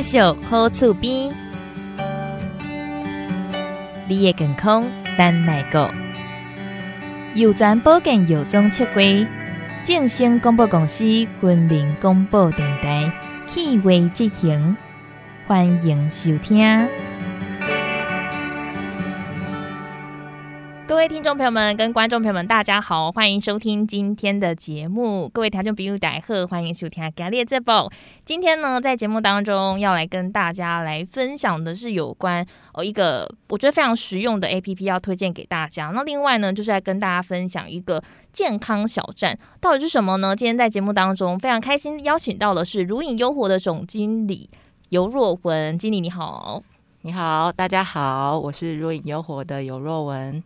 介紹好厝邊？你的健康等哪個？右轉保健，右轉切歸。正聲廣播公,公司，雲林廣播電台，趣味執行，歡迎收聽。聽眾朋友們跟觀眾朋友們，大家好，歡迎收聽今天的節目。各位聽眾朋友大家好，歡迎收聽《格列茲寶》。今天呢，在節目當中要來跟大家來分享的是有關哦，一個我覺得非常實用的 APP 要推薦給大家。那另外呢，就是來跟大家分享一個健康小站到底是什麼呢？今天在節目當中非常開心邀請到的是《如影優活》的總經理游若文經理，你好，你好，大家好，我是《如影優活》的游若文。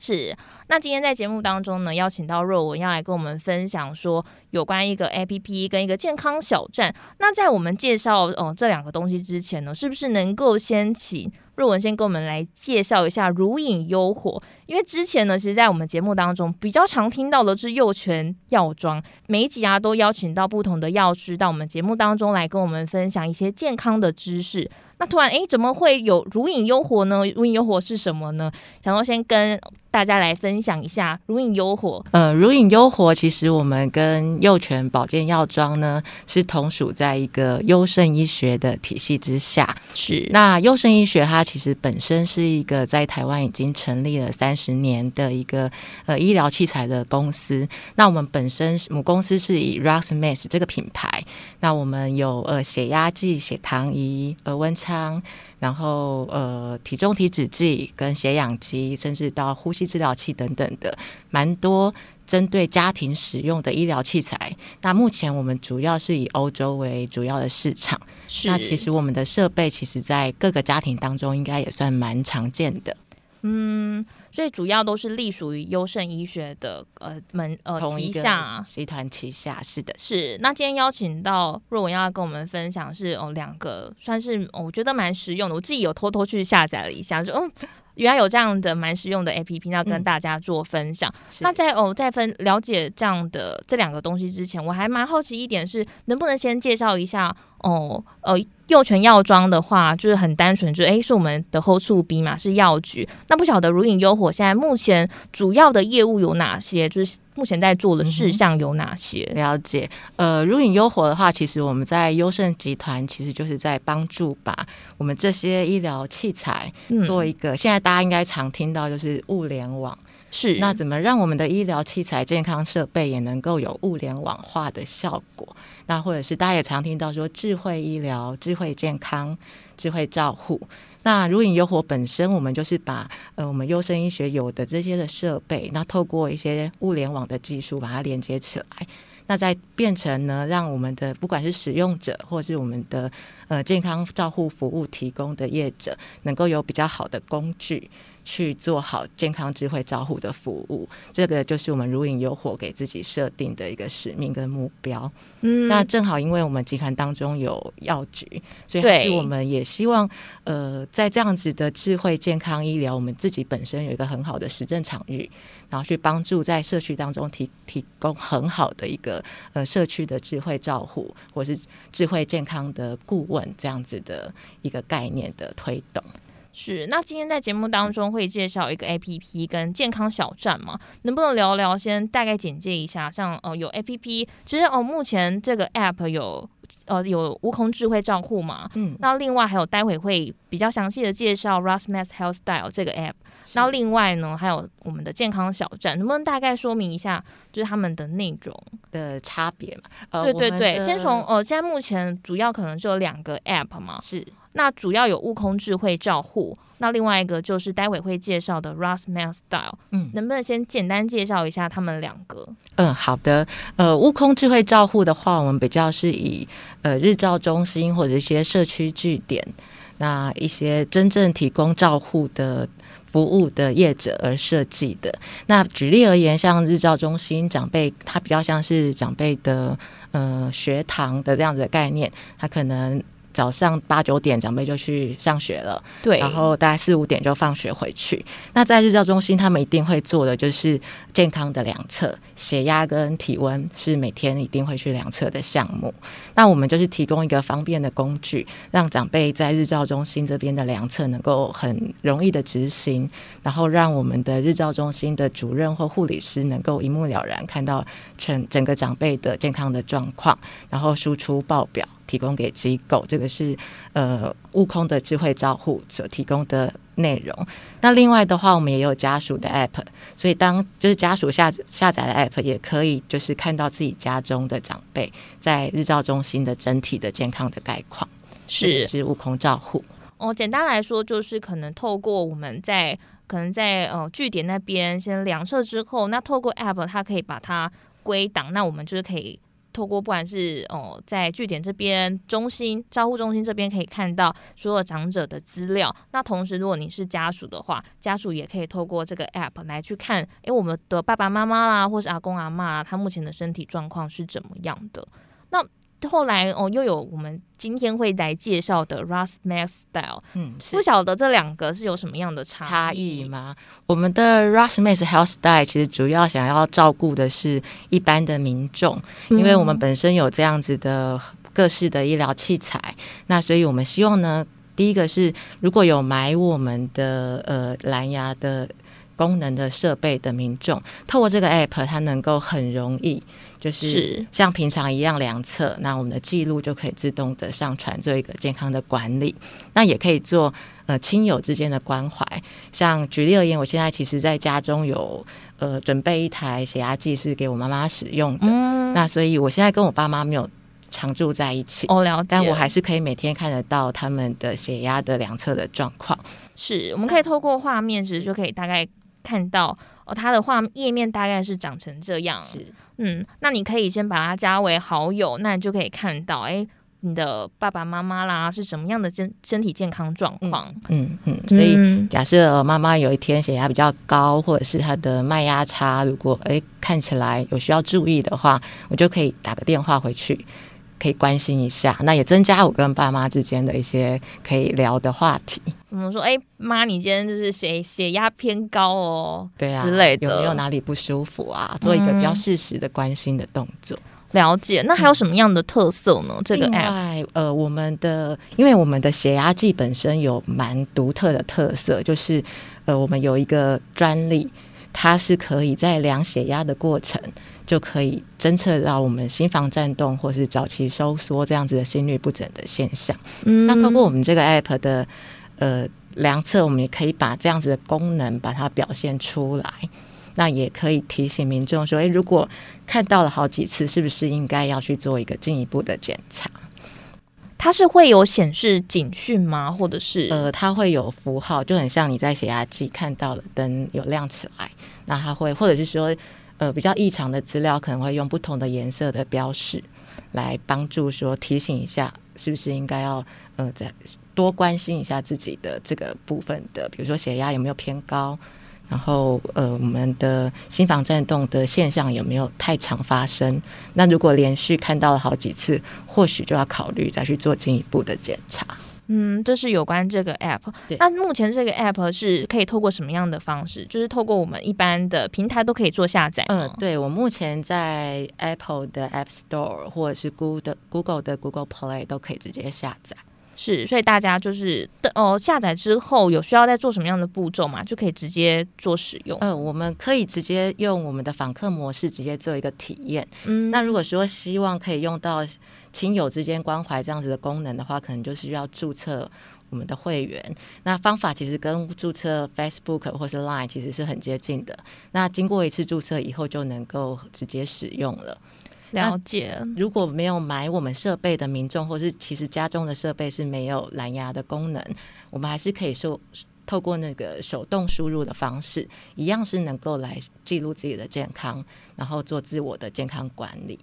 是，那今天在節目當中呢，邀請到若文要來跟我們分享說，有關一個 APP 跟一個健康小站，那在我們介紹哦、呃、這兩個東西之前呢，是不是能夠先請若文先跟我們來介紹一下“如影優活”？因為之前呢，其實，在我們節目當中比較常聽到的是幼泉藥妝，每一集啊都邀請到不同的藥師到我們節目當中來跟我們分享一些健康的知識。那突然誒，怎麼會有“如影優活”呢？“如影優活”是什麼呢？想說先跟大家來分享一下“如影優活”。嗯、呃，“如影優活”其實我們跟佑全保健藥妝呢，是同屬在一個優勝醫學的體系之下。是，那優勝醫學它其實本身是一個在台灣已經成立了三十年的一個呃醫療器材的公司。那我們本身母公司是以 Rossmax 這個品牌。那我們有呃血壓計、血糖儀、額溫槍，然後呃體重體脂計跟血氧機，甚至到呼吸治療器等等的，蠻多。針對家庭使用的醫療器材，那目前我們主要是以歐洲為主要的市場。是那其實我們的設備，其實，在各個家庭當中，應該也算蠻常見的。嗯。所以主要都是隸屬於優勝醫學的呃門呃同一旗下集、啊、團旗下是的，是，那今天邀請到若文要跟我們分享是哦兩、呃、個算是、呃、我覺得蠻實用的，我自己有偷偷去下載了一下，就哦、嗯，原來有這樣的蠻實用的 APP 要跟大家做分享。嗯、那在哦、呃、在分了解這樣的這兩個東西之前，我還蠻好奇一點是能不能先介紹一下哦呃，呃幼泉藥妝的話就是很單純就是、欸、是我們的好厝邊嘛，是藥局，那不曉得如影優。火現在目前主要的業務有哪些？就是目前在做的事項有哪些？嗯，了解，呃，如影優活的話，其實我們在優勝集團，其實就是在幫助把我們這些醫療器材做一個。嗯，現在大家應該常聽到就是物聯網。是，那怎麼讓我們的醫療器材、健康設備也能夠有物聯網化的效果？那或者是大家也常聽到說智慧醫療、智慧健康、智慧照護。那如影優活本身，我們就是把呃我們優生醫學有的這些的設備，那透過一些物聯網的技術把它連接起來，那再變成呢，讓我們的不管是使用者，或者是我們的呃健康照護服務提供的業者，能夠有比較好的工具。去做好健康智慧照護的服務，這個就是我們如影有火給自己設定的一個使命跟目標。嗯，那正好，因為我們集團當中有藥局，所以還是我們也希望，對呃，在這樣子的智慧健康醫療，我們自己本身有一個很好的實證場域，然後去幫助在社區當中提提供很好的一個呃社區的智慧照護，或是智慧健康的顧問這樣子的一個概念的推動。是，那今天在節目當中會介紹一個 A P P 跟健康小站嘛？能不能聊聊，先大概簡介一下？像哦、呃，有 A P P，其實哦、呃，目前這個 App 有呃有悟空智慧賬戶嘛？嗯，那另外還有待會會比較詳細的介紹 Rasmus Health Style 這個 App，那是另外呢還有我們的健康小站，能不能大概說明一下，就是他們的內容的差別嘛？呃、對對對，先從呃，現在目前主要可能就兩個 App 嘛？是。那主要有悟空智慧照護，那另外一個就是待會會介紹的 Rasman Style，嗯，能不能先簡單介紹一下他們兩個？嗯，好的，呃，悟空智慧照護的話，我們比較是以呃日照中心或者一些社區據點，那一些真正提供照護的服務的業者而設計的。那舉例而言，像日照中心長輩，長輩他比較像是長輩的呃學堂的這樣子的概念，他可能。早上八九點，長輩就去上學了。對，然後大概四五點就放學回去。那在日照中心，他們一定會做的就是健康的量測，血壓跟體溫是每天一定會去量測的項目。那我們就是提供一個方便的工具，讓長輩在日照中心這邊的量測能夠很容易的執行，然後讓我們的日照中心的主任或護理師能夠一目了然，看到全整個長輩的健康的狀況，然後輸出報表。提供給機構，這個是呃悟空的智慧照護所提供的內容。那另外的話，我們也有家屬的 APP，所以當就是家屬下下載了 APP，也可以就是看到自己家中的長輩在日照中心的整體的健康的概況，是是悟空照護。哦，簡單來說就是可能透過我們在可能在呃據點那邊先量測之後，那透過 APP 它可以把它歸檔，那我們就是可以。透過，不管是哦，在據點這邊、中心、招呼中心這邊，可以看到所有長者的資料。那同時，如果你是家屬的話，家屬也可以透過這個 App 來去看，哎，我們的爸爸媽媽啦，或是阿公阿嬤啊，他目前的身體狀況是怎麼樣的？後來哦，又有我們今天會來介紹的 Rossmax Style，嗯，不曉得這兩個是有什麼樣的差異，差異嗎？我們的 Rossmax Health Style 其實主要想要照顧的是一般的民眾，因為我們本身有這樣子的各式的醫療器材，嗯、那所以我們希望呢，第一個是如果有買我們的呃藍牙的。功能的設備的民眾，透過這個 App，它能夠很容易，就是像平常一樣量測，是那我們的記錄就可以自動的上傳做一個健康的管理。那也可以做呃親友之間的關懷。像舉例而言，我現在其實在家中有呃準備一台血壓計是給我媽媽使用的，嗯、那所以我現在跟我爸媽沒有常住在一起，哦、了解，但我還是可以每天看得到他們的血壓的量測的狀況。是，我們可以透過畫面，其實就可以大概。看到哦，它的畫頁面大概是長成這樣，是嗯，那你可以先把它加為好友，那你就可以看到，哎，你的爸爸媽媽啦是什麼樣的身身體健康狀況，嗯嗯，嗯，所以假設媽媽有一天血壓比較高，嗯、或者是她的脈壓差，如果哎看起來有需要注意的話，我就可以打個電話回去。可以關心一下，那也增加我跟爸媽之間的一些可以聊的話題。嗯、我們說，哎、欸，媽，你今天就是血血壓偏高哦，對啊之類的，有沒有哪裡不舒服啊？做一個比較適時的關心的動作、嗯。了解，那還有什麼樣的特色呢？嗯、這個 APP，呃，我們的因為我們的血壓計本身有蠻獨特的特色，就是呃，我們有一個專利。它是可以在量血壓的過程，就可以偵測到我們心房顫動或是早期收縮這樣子的心律不整的現象。嗯。那通過我們這個 App 的呃，量測，我們也可以把這樣子的功能把它表現出來。那也可以提醒民眾說，誒、欸，如果看到了好幾次，是不是應該要去做一個進一步的檢查？它是會有顯示警訊嗎？或者是呃，它會有符號，就很像你在血壓計看到的燈有亮起來，那它會，或者是說呃，比較異常的資料可能會用不同的顏色的標示來幫助說提醒一下，是不是應該要呃，再多關心一下自己的這個部分的，比如說血壓有沒有偏高。然後，呃，我們的心房顫動的現象有沒有太常發生？那如果連續看到了好幾次，或許就要考慮再去做進一步的檢查。嗯，這是有關這個 App。對，那目前這個 App 是可以透過什麼樣的方式？就是透過我們一般的平台都可以做下載。嗯，對，我目前在 Apple 的 App Store 或者是 Google Google 的 Google Play 都可以直接下載。是，所以大家就是的哦，下載之後有需要再做什麼樣的步驟嘛，就可以直接做使用。嗯、呃，我們可以直接用我們的訪客模式直接做一個體驗。嗯，那如果說希望可以用到親友之間關懷這樣子的功能的話，可能就是要註冊我們的會員。那方法其實跟註冊 Facebook 或是 Line 其實是很接近的。那經過一次註冊以後，就能夠直接使用了。了解、啊，如果沒有買我們設備的民眾，或是其實家中的設備是沒有藍牙的功能，我們還是可以說透過那個手動輸入的方式，一樣是能夠來記錄自己的健康，然後做自我的健康管理。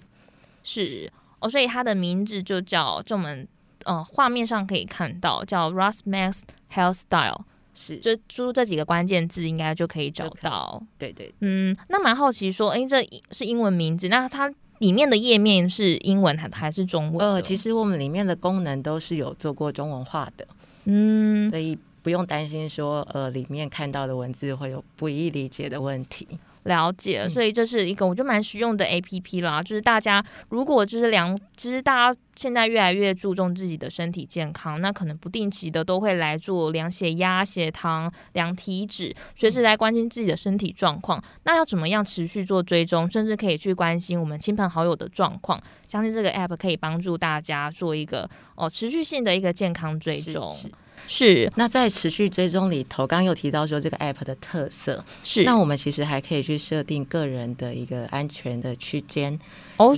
是哦，所以它的名字就叫，就我們、呃、畫面上可以看到叫 Rossmax Health Style，是就輸入這幾個關鍵字應該就可以找到。Okay, 對，對對，嗯，那蠻好奇說，哎、欸，這是英文名字，那它。裡面的頁面是英文還還是中文？呃，其實我們裡面的功能都是有做過中文化的，嗯，所以不用擔心說，呃，裡面看到的文字會有不易理解的問題。了解，所以這是一個我就蠻實用的 APP 啦。嗯、就是大家如果就是量，其實大家現在越來越注重自己的身體健康，那可能不定期的都會來做量血壓、血糖、量體脂，隨時來關心自己的身體狀況。嗯、那要怎麼樣持續做追蹤，甚至可以去關心我們親朋好友的狀況？相信這個 APP 可以幫助大家做一個哦持續性的一個健康追蹤。是是是，那在持續追蹤裡頭，剛剛又提到說這個 APP 的特色是，那我們其實還可以去設定個人的一個安全的區間，哦，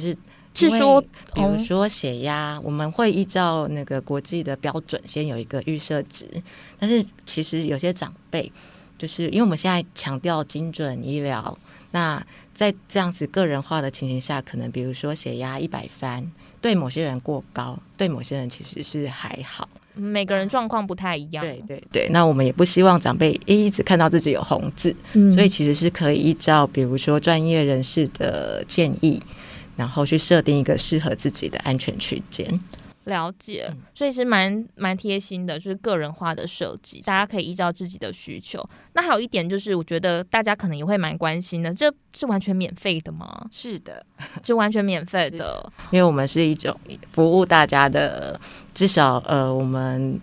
就是說，比如說血壓，我們會依照那個國際的標準先有一個預設值，但是其實有些長輩，就是因為我們現在強調精準醫療，那在這樣子個人化的情形下，可能比如說血壓一百三，對某些人過高，對某些人其實是還好。每個人狀況不太一樣，對對對，那我們也不希望長輩一直看到自己有紅字，嗯、所以其實是可以依照比如說專業人士的建議，然後去設定一個適合自己的安全區間。了解，所以是蠻蠻貼心的，就是個人化的設計，大家可以依照自己的需求。是的。那還有一點就是，我覺得大家可能也會蠻關心的，這是完全免費的嗎？是的，是完全免費的，因為我們是一種服務大家的，至少呃我們。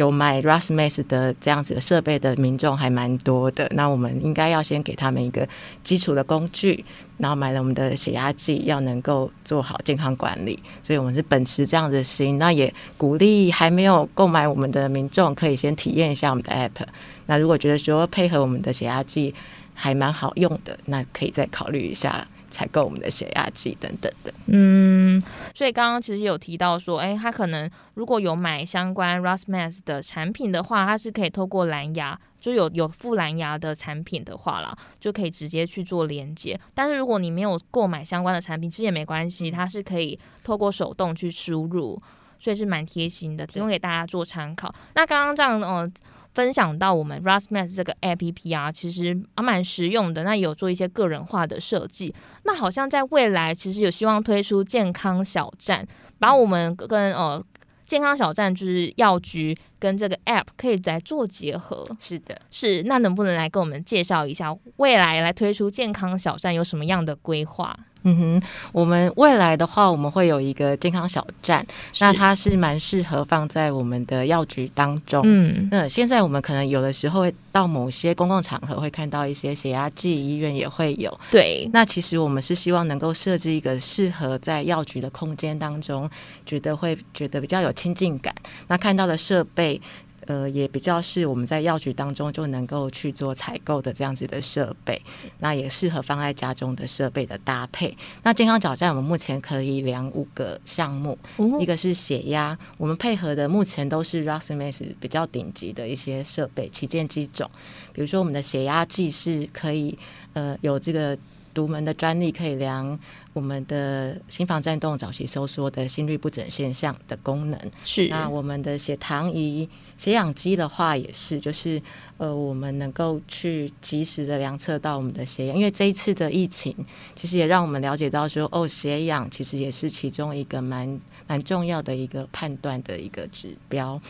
有買 Rossmax 的這樣子的設備的民眾還蠻多的，那我們應該要先給他們一個基礎的工具，然後買了我們的血壓計，要能夠做好健康管理，所以我們是秉持這樣子的心，那也鼓勵還沒有購買我們的民眾可以先體驗一下我們的 App，那如果覺得說配合我們的血壓計還蠻好用的，那可以再考慮一下。採購我們的血壓計等等的，嗯，所以剛剛其實有提到說，哎、欸，它可能如果有買相關 Rosmax 的產品的話，它是可以透過藍牙，就有有附藍牙的產品的話啦，就可以直接去做連接。但是如果你沒有購買相關的產品，其實也沒關係，嗯、它是可以透過手動去輸入，所以是蠻貼心的，提供給大家做參考。對那剛剛這樣，哦、呃。分享到我們 r a s m a t s 這個 APP 啊，其實啊蠻實用的。那有做一些個人化的設計，那好像在未來其實有希望推出健康小站，把我們跟呃健康小站就是藥局跟這個 App 可以來做結合。是的，是那能不能來跟我們介紹一下未來來推出健康小站有什麼樣的規劃？嗯哼，我們未來的話，我們會有一個健康小站，是那它是蠻適合放在我們的藥局當中。嗯，那現在我們可能有的時候會到某些公共場合會看到一些血壓計，醫院也會有。對，那其實我們是希望能夠設置一個適合在藥局的空間當中，覺得會覺得比較有親近感，那看到的設備。呃，也比較是我們在藥局當中就能夠去做採購的這樣子的設備，那也適合放在家中的設備的搭配。那健康小站我們目前可以量五個項目，嗯、哼一個是血壓，我們配合的目前都是 Rossmax 比較頂級的一些設備旗艦機種，比如說我們的血壓計是可以呃有這個。獨門的專利可以量我們的心房顫動、早期收縮的心律不整現象的功能。是，那我們的血糖儀、血氧機的話也是，就是呃，我們能夠去及時的量測到我們的血氧。因為這一次的疫情，其實也讓我們了解到說，哦，血氧其實也是其中一個蠻蠻重要的一個判斷的一個指標。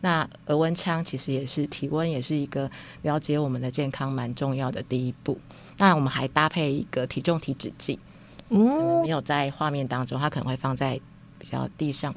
那額溫槍其實也是體溫，也是一個了解我們的健康蠻重要的第一步。那我們還搭配一個體重體脂計，嗯，沒有在畫面當中，它可能會放在比較地上，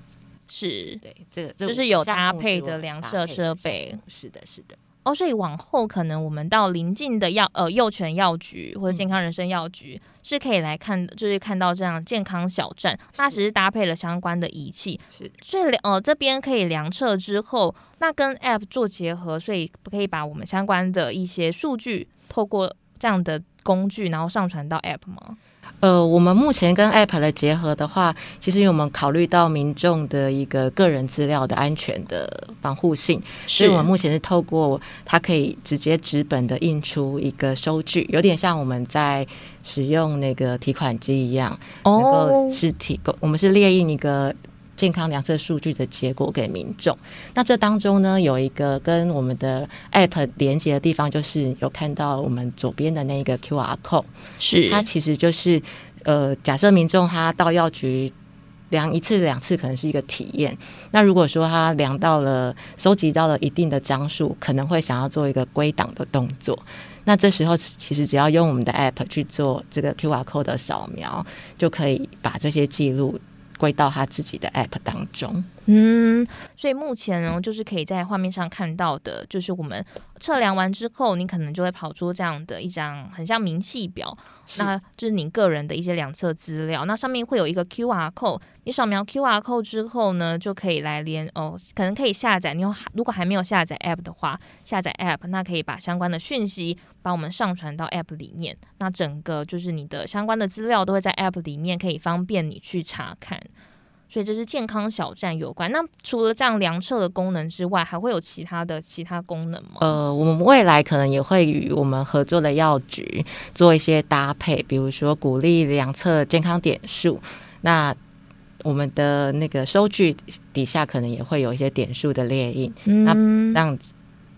是對，這個就是有搭配的量測設備，是的，是的。哦，所以往後可能我們到鄰近的藥呃佑全藥局或者健康人生藥局、嗯、是可以來看，就是看到這樣健康小站，那其實搭配了相關的儀器，是，所以呃這邊可以量測之後，那跟 APP 做結合，所以可以把我們相關的一些數據透過。這樣的工具，然後上傳到 APP 嗎？呃，我們目前跟 APP 的結合的話，其實因為我們考慮到民眾的一個個人資料的安全的防護性，是。所以我們目前是透過它可以直接紙本的印出一個收據，有點像我們在使用那個提款機一樣，然後、oh、是提供，我們是列印一個。健康量測數據的結果給民眾。那這當中呢，有一個跟我們的 App 連接的地方，就是有看到我們左邊的那個 QR code。是它其實就是，呃，假設民眾他到藥局量一次兩次，可能是一個體驗。那如果說他量到了，收集到了一定的張數，可能會想要做一個歸檔的動作。那這時候其實只要用我們的 App 去做這個 QR code 的掃描，就可以把這些記錄。歸到他自己的 app 當中。嗯，所以目前呢，哦，就是可以在畫面上看到的，就是我們測量完之後，你可能就會跑出這樣的一張很像明細表，是那就是你個人的一些量測資料。那上面會有一個 QR code，你掃描 QR code 之後呢，就可以來連哦，可能可以下載。你有如果還沒有下載 App 的話，下載 App，那可以把相關的訊息幫我們上傳到 App 裡面。那整個就是你的相關的資料都會在 App 裡面，可以方便你去查看。所以這是健康小站有關。那除了這樣量測的功能之外，還會有其他的其他功能嗎？呃，我們未來可能也會與我們合作的藥局做一些搭配，比如說鼓勵量測健康點數。那我們的那個收據底下可能也會有一些點數的列印，嗯、那讓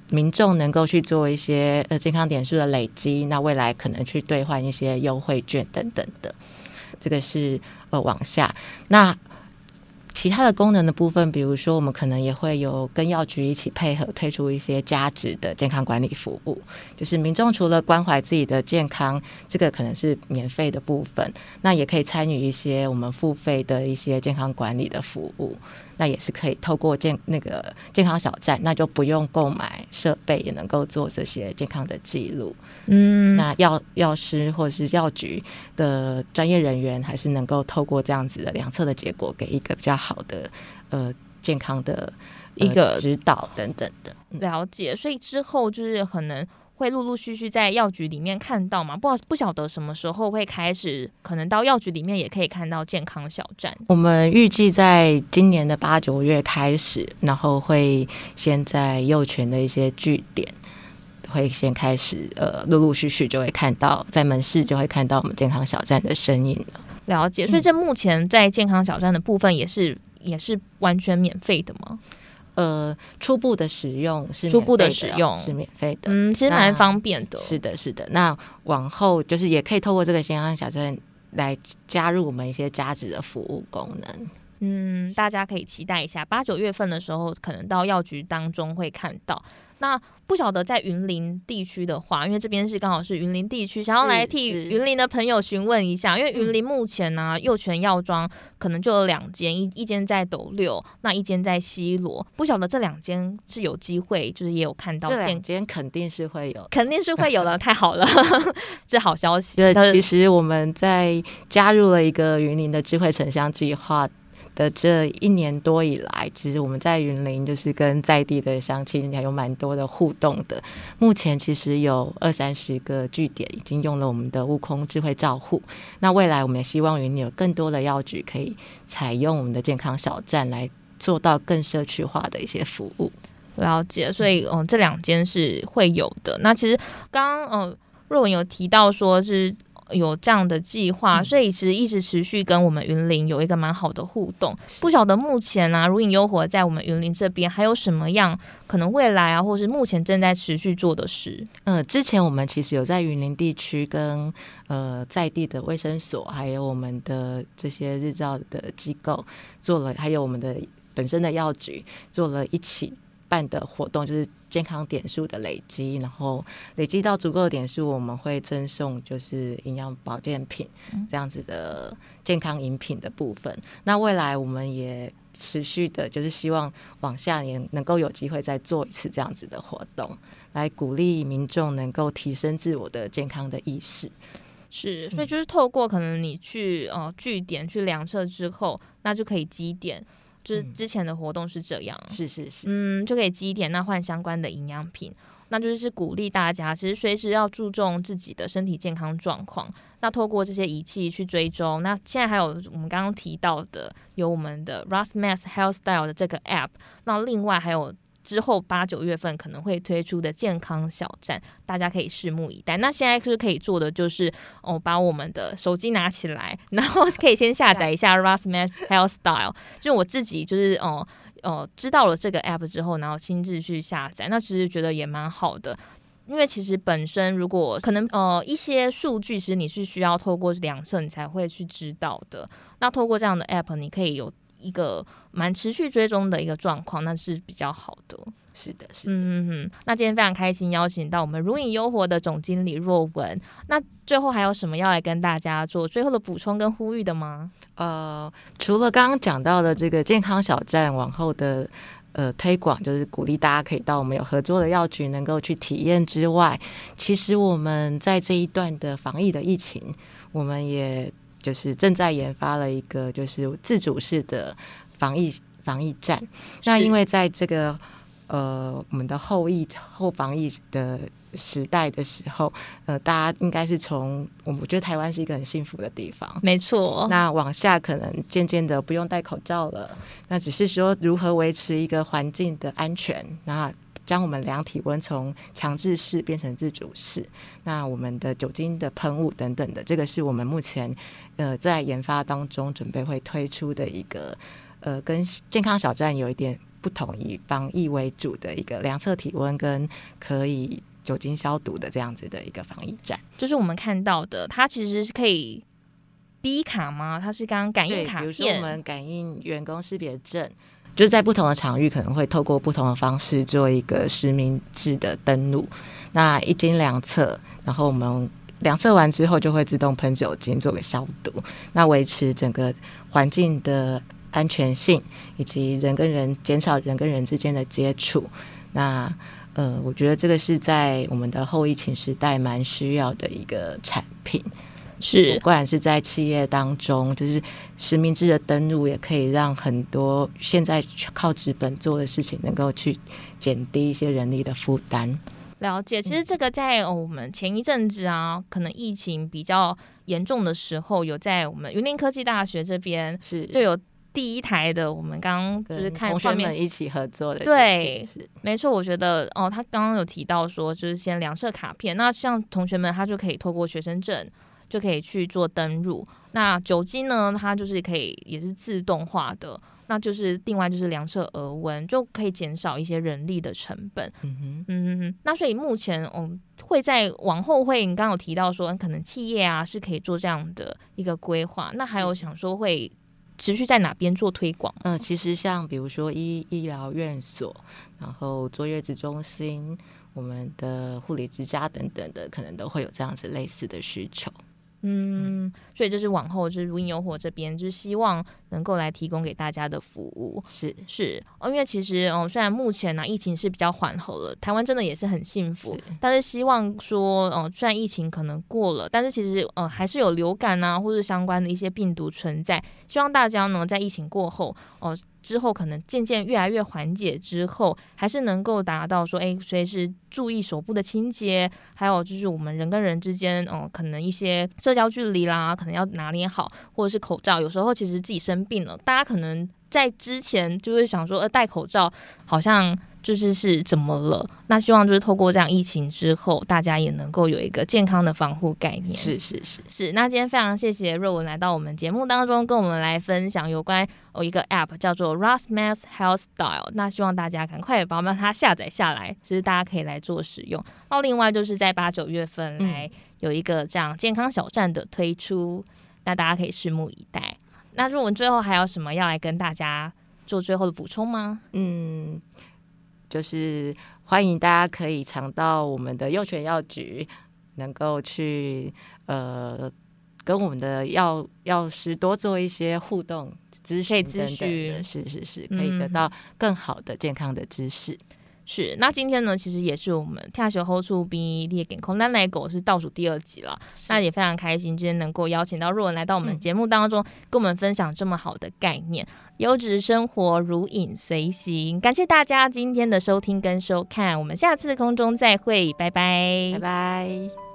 民眾能夠去做一些呃健康點數的累積。那未來可能去兌換一些優惠券等等的。這個是呃往下那。其他的功能的部分，比如說，我們可能也會有跟藥局一起配合推出一些加值的健康管理服務。就是民眾除了關懷自己的健康，這個可能是免費的部分，那也可以參與一些我們付費的一些健康管理的服務。那也是可以透過健那個健康小站，那就不用購買設備，也能夠做這些健康的記錄。嗯，那藥藥師或者是藥局的專業人員，還是能夠透過這樣子的量測的結果，給一個比較好的呃健康的、呃、一個指導等等的了解。所以之後就是可能，會陸陸續續在藥局裡面看到嗎？不不曉得什麼時候會開始，可能到藥局裡面也可以看到健康小站。我們預計在今年的八九月開始，然後會先在佑全的一些據點，會先開始呃，陸陸續續就會看到在門市就會看到我們健康小站的身影了。了解，所以這目前在健康小站的部分也是、嗯、也是完全免費的嗎？呃，初步的使用是初步的使用是免費的，嗯，其實蠻方便的。是的，是的，那往後就是也可以透過這個健康小站來加入我們一些加值的服務功能。嗯，大家可以期待一下，八九月份的時候，可能到藥局當中會看到。那不曉得在雲林地區的話，因為這邊是剛好是雲林地區，想要來替雲林的朋友詢問一下，因為雲林目前呢、啊，佑全藥妝可能就有兩間，一一間在斗六，那一間在西螺。不曉得這兩間是有機會，就是也有看到這兩間肯定是會有，肯定是會有的，有的 太好了呵呵，這好消息。對，其實我們在加入了一個雲林的智慧城鄉計劃。的這一年多以來，其實我們在雲林就是跟在地的鄉親還有蠻多的互動的。目前其實有二三十個據點已經用了我們的悟空智慧照護，那未來我們也希望雲林有更多的藥局可以採用我們的健康小站來做到更社區化的一些服務。了解，所以哦、呃，這兩間是會有的。那其實剛剛哦、呃，若文有提到說是。有這樣的計劃，所以其實一直持續跟我們雲林有一個蠻好的互動。不曉得目前呢、啊，如影優活在我們雲林這邊還有什麼樣可能未來啊，或是目前正在持續做的事？嗯、呃，之前我們其實有在雲林地區跟呃在地的衛生所，還有我們的這些日照的機構做了，還有我們的本身的藥局做了一起。辦的活動就是健康點數的累積，然後累積到足夠的點數，我們會贈送就是營養保健品這樣子的健康飲品的部分。嗯。那未來我們也持續的，就是希望往下年能夠有機會再做一次這樣子的活動，來鼓勵民眾能夠提升自我的健康的意識。是，所以就是透過可能你去呃據點去量測之後，那就可以積點。就是之前的活動是這樣，嗯、是是是，嗯，就可以積一點，那換相關的營養品，那就是鼓勵大家，其實隨時要注重自己的身體健康狀況，那透過這些儀器去追蹤。那現在還有我們剛剛提到的，有我們的 RusMass Health Style 的這個 App，那另外還有。之後八九月份，可能會推出的健康小站，大家可以拭目以待。那現在就是可以做的就是哦，把我們的手機拿起來，然後可以先下載一下 Rough Mass, Health Style。 就我自己就是哦哦、呃呃、知道了這個 app 之後，然後親自去下載。那其實覺得也蠻好的，因為其實本身如果可能呃一些數據，其實你是需要透過量測，你才會去知道的。那透過這樣的 app，你可以有。一個蠻持續追蹤的一個狀況，那是比較好的。是的，是的。嗯嗯嗯。那今天非常開心邀請到我們如影優活的總經理若文。那最後還有什麼要來跟大家做最後的補充跟呼籲的嗎？呃，除了剛剛講到的這個健康小站往後的呃推廣，就是鼓勵大家可以到我們有合作的藥局能夠去體驗之外，其實我們在這一段的防疫的疫情，我們也。就是正在研發了一個就是自主式的防疫防疫站。是那因為在這個呃我們的後疫後防疫的時代的時候，呃，大家應該是從我我覺得台灣是一個很幸福的地方，沒錯錯。那往下可能漸漸的不用戴口罩了，那只是說如何維持一個環境的安全，那。將我們量體溫從強制式變成自主式，那我們的酒精的噴霧等等的，這個是我們目前呃在研發當中準備會推出的一個呃跟健康小站有一點不同，以防疫為主的一個量測體溫跟可以酒精消毒的這樣子的一個防疫站。就是我們看到的，它其實是可以嗶卡嗎？它是剛剛感應卡片，比如說我們感應員工識別證。就是在不同的場域，可能會透過不同的方式做一個實名制的登錄。那一經量測，然後我們量測完之後，就會自動噴酒精做個消毒，那維持整個環境的安全性，以及人跟人減少人跟人之間的接觸。那呃，我覺得這個是在我們的後疫情時代蠻需要的一個產品。是，不管是在企業當中，就是實名制的登錄，也可以讓很多現在靠紙本做的事情，能夠去減低一些人力的負擔。了解，其實這個在我們前一陣子啊，嗯、可能疫情比較嚴重的時候，有在我們雲林科技大學這邊是就有第一台的。我們剛就是看畫面，跟同學們一起合作的，對，沒錯。我覺得哦，他剛剛有提到說，就是先量設卡片，那像同學們，他就可以透過學生證。就可以去做登入。那酒精呢？它就是可以，也是自動化的。那就是另外就是量測額溫，就可以減少一些人力的成本。嗯哼，嗯哼，那所以目前我們、哦、會在往後會，你剛剛有提到說，可能企業啊是可以做這樣的一個規劃。是那還有想說會持續在哪邊做推廣？嗯、呃，其實像比如說醫醫療院所，然後坐月子中心，我們的護理之家等等的，可能都會有這樣子類似的需求。嗯，嗯，所以就是往後就是如銀有火這邊就是希望能夠來提供給大家的服務，是、是哦，因為其實哦、呃，雖然目前呢、啊、疫情是比較緩和了，台灣真的也是很幸福，是但是希望說哦、呃，雖然疫情可能過了，但是其實哦、呃，還是有流感啊或者相關的一些病毒存在，希望大家呢在疫情過後哦。呃之後可能漸漸越來越緩解，之後還是能夠達到說，哎，隨時注意手部的清潔，還有就是我們人跟人之間，哦、呃，可能一些社交距離啦，可能要拿捏好，或者是口罩。有時候其實自己生病了，大家可能在之前就會想說，呃，戴口罩好像。就是是怎麼了？那希望就是透過這樣疫情之後，大家也能夠有一個健康的防護概念。是是是是。那今天非常謝謝若文來到我們節目當中，跟我們來分享有關哦一個 App 叫做 Rasmas Health Style。那希望大家趕快也幫幫它下載下來，其實大家可以來做使用。那另外就是在八九月份來有一個這樣健康小站的推出，嗯、那大家可以拭目以待。那若文最後還有什麼要來跟大家做最後的補充嗎？嗯。就是歡迎大家可以常到我們的佑全藥局，能夠去呃跟我們的藥藥師多做一些互動諮詢等等的，是是是，可以得到更好的健康的知識。嗯嗯是，那今天呢，其實也是我們跳秀後出 B 列監空單奶狗是倒數第二集了，那也非常開心今天能夠邀請到若文來到我們節目當中，嗯、跟我們分享這麼好的概念，優質生活如影隨形，感謝大家今天的收聽跟收看，我們下次空中再會，拜拜，拜拜。